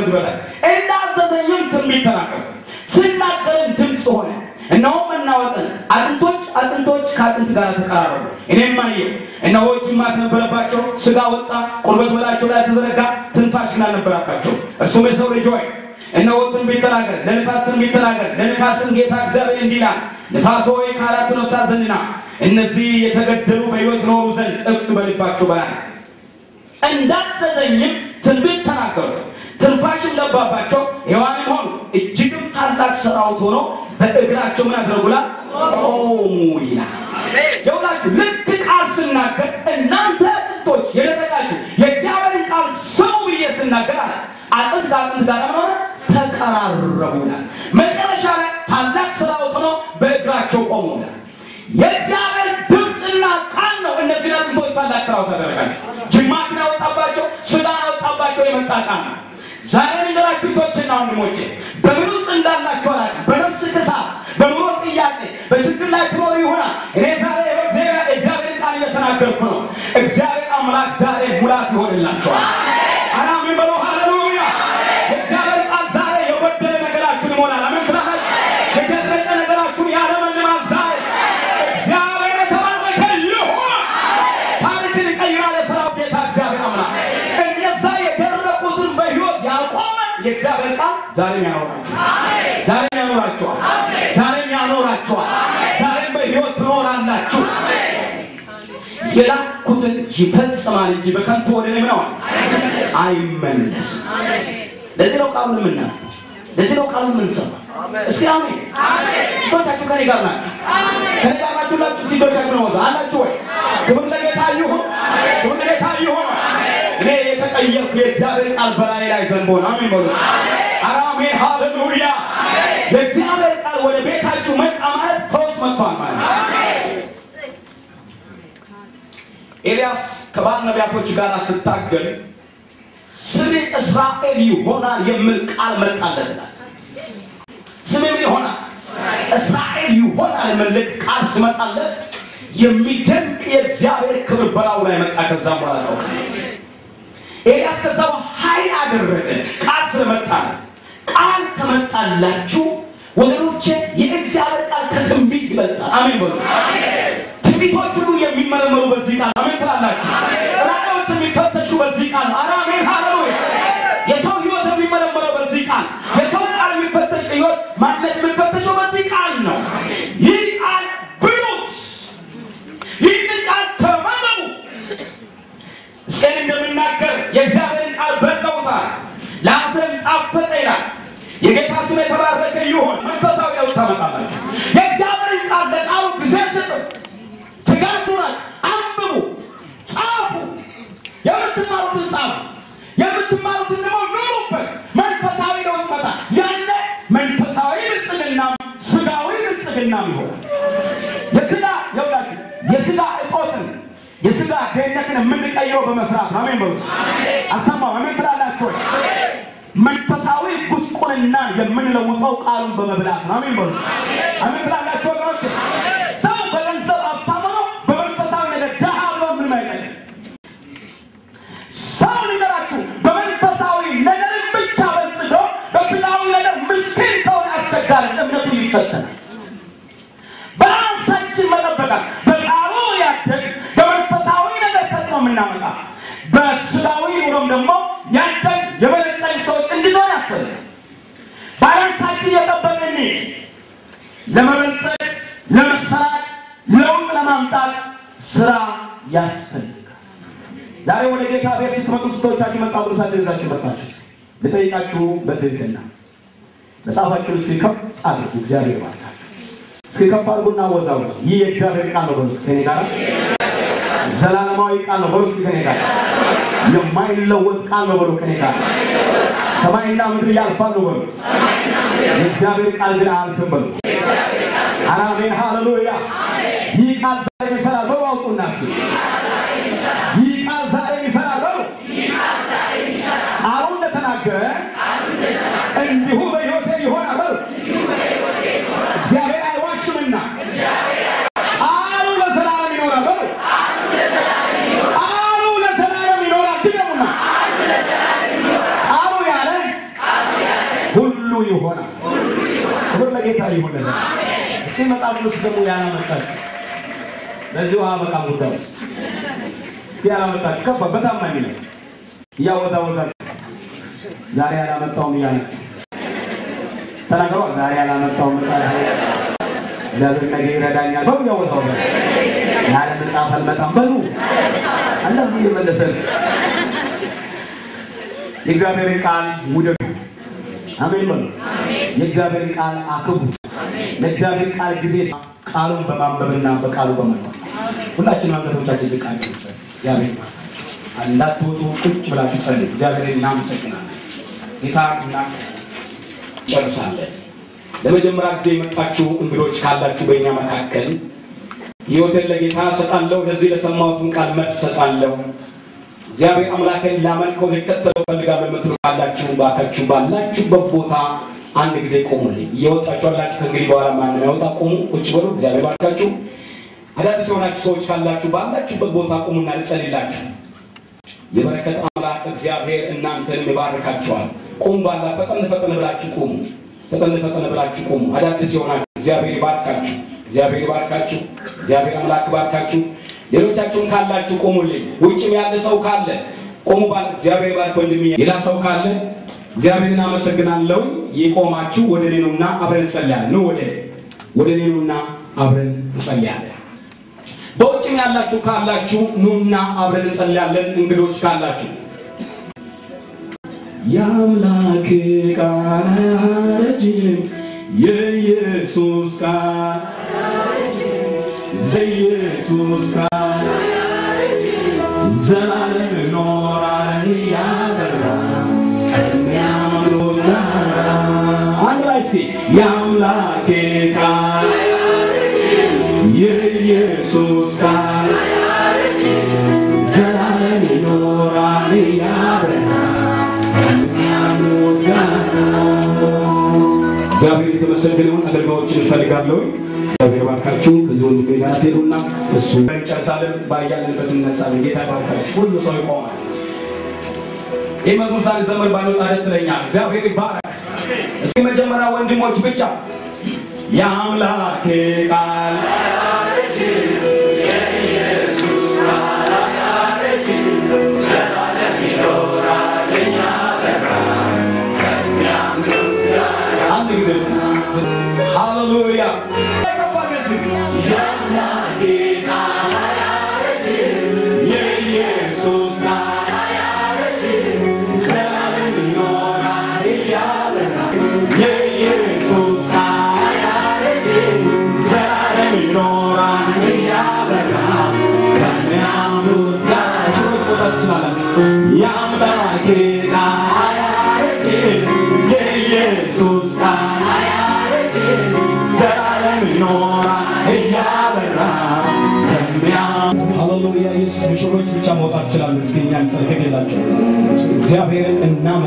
ከምትመግብ በላይ እንዳዘዘኝም ትንቢት ተናገርኩ፣ ስናገርም ድምፅ ሆነ። እነሆ መናወጥን አጥንቶች አጥንቶች ከአጥንት ጋር ተቀራረቡ። እኔም አየሁ፣ እነሆ ጅማት ነበረባቸው፣ ሥጋ ወጣ፣ ቁርበት በላያቸው ላይ ተዘረጋ፣ ትንፋሽም አልነበራባቸው። እርሱም የሰው ልጅ ሆይ እነሆ ትንቢት ተናገር፣ ለንፋስ ትንቢት ተናገር፣ ለንፋስም ጌታ እግዚአብሔር እንዲህ ይላል፣ ንፋስ ሆይ ከአራቱ ነፍሳት ዘንድና እነዚህ የተገደሉ በሕይወት ይኖሩ ዘንድ እፍት በልባቸው በላል። እንዳዘዘኝም ትንቢት ተናገሩ ትንፋሽ እንደባባቸው የዋን ሆኑ እጅግም ታላቅ ሰራዊት ሆኖ በእግራቸው ምን አደረጉላ ቆሙ ይላል። የሁላችሁ ልክ ቃል ስናገር እናንተ ጥቶች የደረጋችሁ የእግዚአብሔርን ቃል ስሙ ብዬ ስናገር አለ አጥንት ከአጥንት ጋር መኖረ ተቀራረቡ ይላል። መጨረሻ ላይ ታላቅ ሰራዊት ሆኖ በእግራቸው ቆሙ ይላል። የእግዚአብሔር ድምፅና ቃል ነው። እነዚህ ጥንቶች ታላቅ ሰራዊት ያደረጋቸው ጅማትን ያወጣባቸው፣ ሱዳን ያወጣባቸው የመጣ ቃል ነው። ዛሬ ነገራችሁ እህቶቼና ወንድሞቼ በምን ውስጥ እንዳላችሁ አላውቅም። በነፍስ ክሳት፣ በኑሮ ጥያቄ፣ በችግር ላይ ትኖሩ ይሆናል። እኔ ዛሬ እግዚአብሔር ቃል እየተናገርኩ ነው። እግዚአብሔር አምላክ ዛሬ ሙላት ይሆንላቸዋል። ዛሬ ያኖራችኋል፣ ዛሬም ያኖራችኋል፣ ዛሬም በሕይወት ትኖራላችሁ። የላኩትን ይፈጽማል እንጂ በከንቱ ወደ እኔ ምን አይመለስም። ለዚህ ነው ቃሉን የምናየው፣ ለዚህ ነው ቃሉን የምንሰማው። እስኪ አሜን ልጆቻችሁ ከኔ ጋር ናችሁ። ከኔ ጋር ናችሁ ላችሁ ልጆቻችሁ ነው አላችሁ ወይ? ክብር ለጌታ ይሁን፣ ክብር ለጌታ ይሁን። እኔ የተቀየርኩ የእግዚአብሔር ቃል በላይ ላይ ዘንቦን አሜን በሉ። አሜን ሃሌሉያ የእግዚአብሔር ቃል ወደ ቤታችሁ መጣ ማለት ፈውስ መጥቷል ማለት ነው። ኤልያስ ከባል ነቢያቶች ጋር ስታገል ስሜ እስራኤል ይሆናል የሚል ቃል መጣለት ይላል። ስሜ ይሆናል? እስራኤል ይሆናል የሚል ቃል ስመጣለት የሚደንቅ የእግዚአብሔር ክብር በላዩ ላይ መጣ። ከዛ በኋላ ነው ኤልያስ ከዛው ኃይል አደረገ ቃል ስለመጣለት ቃል ከመጣላችሁ ወገኖቼ የእግዚአብሔር ቃል ከትንቢት ይበልጣል። አሜን በሉ። ትንቢቶች ሁሉ የሚመረመሩ በዚህ ቃል አሜን ትላላችሁ። ራእዮች የሚፈተሹ በዚህ ቃል ነገሮችን የምንቀይረው በመስራት አሜን በሉ። አልሰማም? አሜን ትላላችሁ መንፈሳዊ ጉስቁልና የምንለውጠው ቃሉን በመብላት አሜን በሉ። አሜን ትላላችሁ ወገኖች? ሰው በገንዘብ ሀብታም ነው፣ በመንፈሳዊ ነገር ድሃ ብሎ ምንም አይቀይም። ሰው ሊገራችሁ በመንፈሳዊ ነገር ብቻ በልጽጎ በስጋዊ ነገር ምስኪን ከሆነ አስቸጋሪ እምነቱ ይፈተናል። ባላንሳችን መጠበቃል የምናመጣ በስጋዊ ኑሮም ደግሞ ያደግ የበለጸግ ሰዎች እንድንሆን ያስፈልጋል። ባላንሳችን የጠበቅን ለመበልጸግ፣ ለመሰራት፣ ለውጥ ለማምጣት ስራ ያስፈልጋል። ዛሬ ወደ ጌታ ቤት ስትመጡ ስቶቻችሁ መጽሐፍ ቅዱሳችሁ ይዛችሁ መጣችሁ። ልጠይቃችሁ በትህትና መጽሐፋችሁን እስኪ አድርጉ። እግዚአብሔር ባርካችሁ። እስኪ አድርጉና ወዛው ይህ የእግዚአብሔር ቃል ነው። እስከ እኔ ጋር ዘላለማዊ ቃል ነው። በሩስ ከኔ ጋር የማይለወጥ ቃል ነው። በሩ ከኔ ጋር ሰማይና ምድር ያልፋል ነው። በሩ የእግዚአብሔር ቃል ግን አያልፍም። በሉ አሜን፣ ሃሌሉያ። ይህ ቃል ዛሬ ይሰራል። በሉ አውጡና እስኪ ሁሉ ይሆናል። ክብር ለጌታ ይሆንልን። እስቲ መጽሐፍ ቅዱስ ደግሞ ያላመጣች ለዚህ ውሃ በቃ ጉዳይ ውስጥ ያላመጣችሁ ከባ በታማኝ ነው እያወዛወዛ ዛሬ ያላመጣውም እያለች ተናግረዋል። ዛሬ ያላመጣውም መጽሐፍ እግዚአብሔር ነገ ይረዳኛል በሉ ያወዛወዛ ያለ መጽሐፍ አልመጣም በሉ አላህ እየመለሰልን የእግዚአብሔርን ቃል ውደዱ። አሜን በሉ። የእግዚአብሔር ቃል አክቡ። ለእግዚአብሔር ቃል ጊዜ ቃሉን በማንበብና በቃሉ በመኖር ሁላችንም አንገቶቻችን ዝቅ አድርገን ያብሽ እንዳትወጡ ቁጭ ብላችሁ ጸልዩ። እግዚአብሔር እናመሰግናለን። ጌታ እና ጨርሳለን። ለመጀመሪያ ጊዜ የመጣችሁ እንግዶች ካላችሁ በእኛ መካከል ሕይወትን ለጌታ ሰጣለሁ፣ ለዚህ ለሰማሁትን ቃል መልስ ሰጣለሁ እግዚአብሔር አምላክን ላመልከው ሊከተለው ፈልጋለሁ የምትሉ ካላችሁ ባካችሁ ባላችሁበት ቦታ አንድ ጊዜ ቆሙልኝ። እየወጣችሁ አላችሁ። ከእንግዲህ በኋላ ማንም ያወጣ። ቆሙ፣ ቁጭ በሉ። እግዚአብሔር ባርካችሁ። አዳዲስ የሆናችሁ ሰዎች ካላችሁ ባላችሁበት ቦታ ቁሙና ልጸልላችሁ። የበረከት አምላክ እግዚአብሔር እናንተንም ይባርካችኋል። ቁሙ፣ ባላ ፈጠን ፈጠን ብላችሁ ቁሙ። ፈጠን ፈጠን ብላችሁ ቁሙ። አዳዲስ የሆናችሁ እግዚአብሔር ይባርካችሁ። እግዚአብሔር ይባርካችሁ። እግዚአብሔር አምላክ ይባርካችሁ። ሌሎቻችሁም ካላችሁ ቆሙልኝ። ውጭም ያለ ሰው ካለ ቆሙ። ባል እግዚአብሔር ባል ወንድሜ ሌላ ሰው ካለ እግዚአብሔርን አመሰግናለሁ። ይቆማችሁ ወደ እኔ ነውና አብረን እንጸልያለን። ነው ወደ ወደ እኔ ነውና አብረን እንጸልያለን። በውጭም ያላችሁ ካላችሁ ኑና አብረን እንጸልያለን። እንግዶች ካላችሁ የአምላክ ቃና ረጅም የኢየሱስ ቃና ዘኢየሱስ ቃና ዘላለም ይኖራል እያበራ ከሚያምኑት ጋራ አንድ ላይ ሲ የአምላኬ የሚያገለግሉን አገልጋዮችን እፈልጋለሁ። እግዚአብሔር ባርካችሁ። ብዙ ወንድሜ ጋር ትሄዱና እሱ ጨርሳለን። ባያለንበት እንነሳለን። ጌታ ባርካችሁ። ሁሉ ሰው ይቆማል። ይህ መዝሙር ዘመን ባንወጣ ደስ ይለኛል። እግዚአብሔር ይባረክ። እስኪ መጀመሪያ ወንድሞች ብቻ የአምላክ ቃል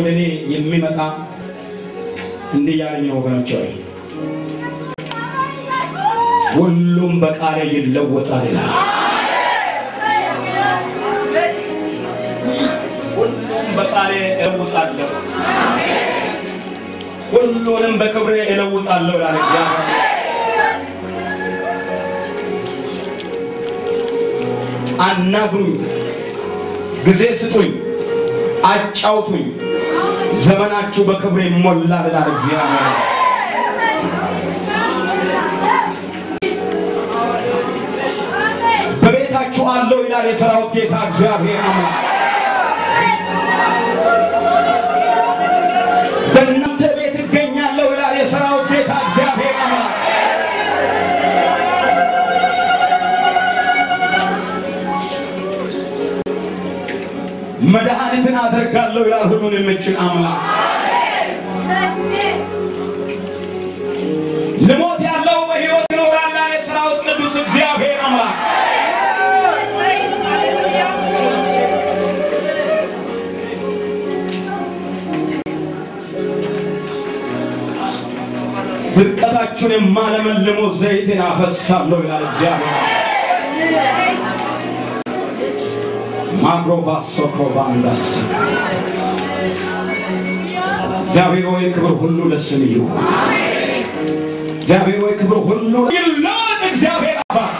ወደ እኔ የሚመጣ እንዲህ ያለኝ ወገኖች ሆይ ሁሉም በቃሌ ይለወጣል ይላል። ሁሉም በቃሌ እለውጣለሁ፣ ሁሉንም በክብሬ እለውጣለሁ ይላል እግዚአብሔር። አናግሩኝ፣ ጊዜ ስጡኝ፣ አጫውቱኝ ዘመናችሁ በክብር ይሞላል ይላል እግዚአብሔር። በቤታችሁ አለው ይላል የሰራዊት ጌታ እግዚአብሔር አምላክ። እዘረጋለሁ ይላል ሁሉን የምችል አምላክ ልሞት ያለው በህይወት ይኖራል ያለ የሰራዊት ቅዱስ እግዚአብሔር አምላክ ድርቀታችሁን የማለመልሞ ዘይትን አፈሳለሁ ይላል እግዚአብሔር። ማግሮቫሶኮቫንዳስ እግዚአብሔር ሆይ ክብር ሁሉ ለስም እዩ እግዚአብሔር ሆይ ክብር ሁሉ ይለወጥ እግዚአብሔር አባት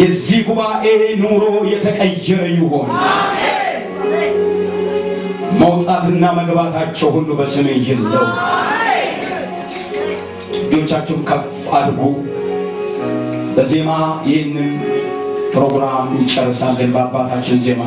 የዚህ ጉባኤ ኑሮ የተቀየረ ይሆን መውጣትና መግባታቸው ሁሉ በስም ይለወጥ እጆቻችሁን ከፍ አድርጉ በዜማ ይህንን ፕሮግራም ይጨርሳለን በአባታችን ዜማ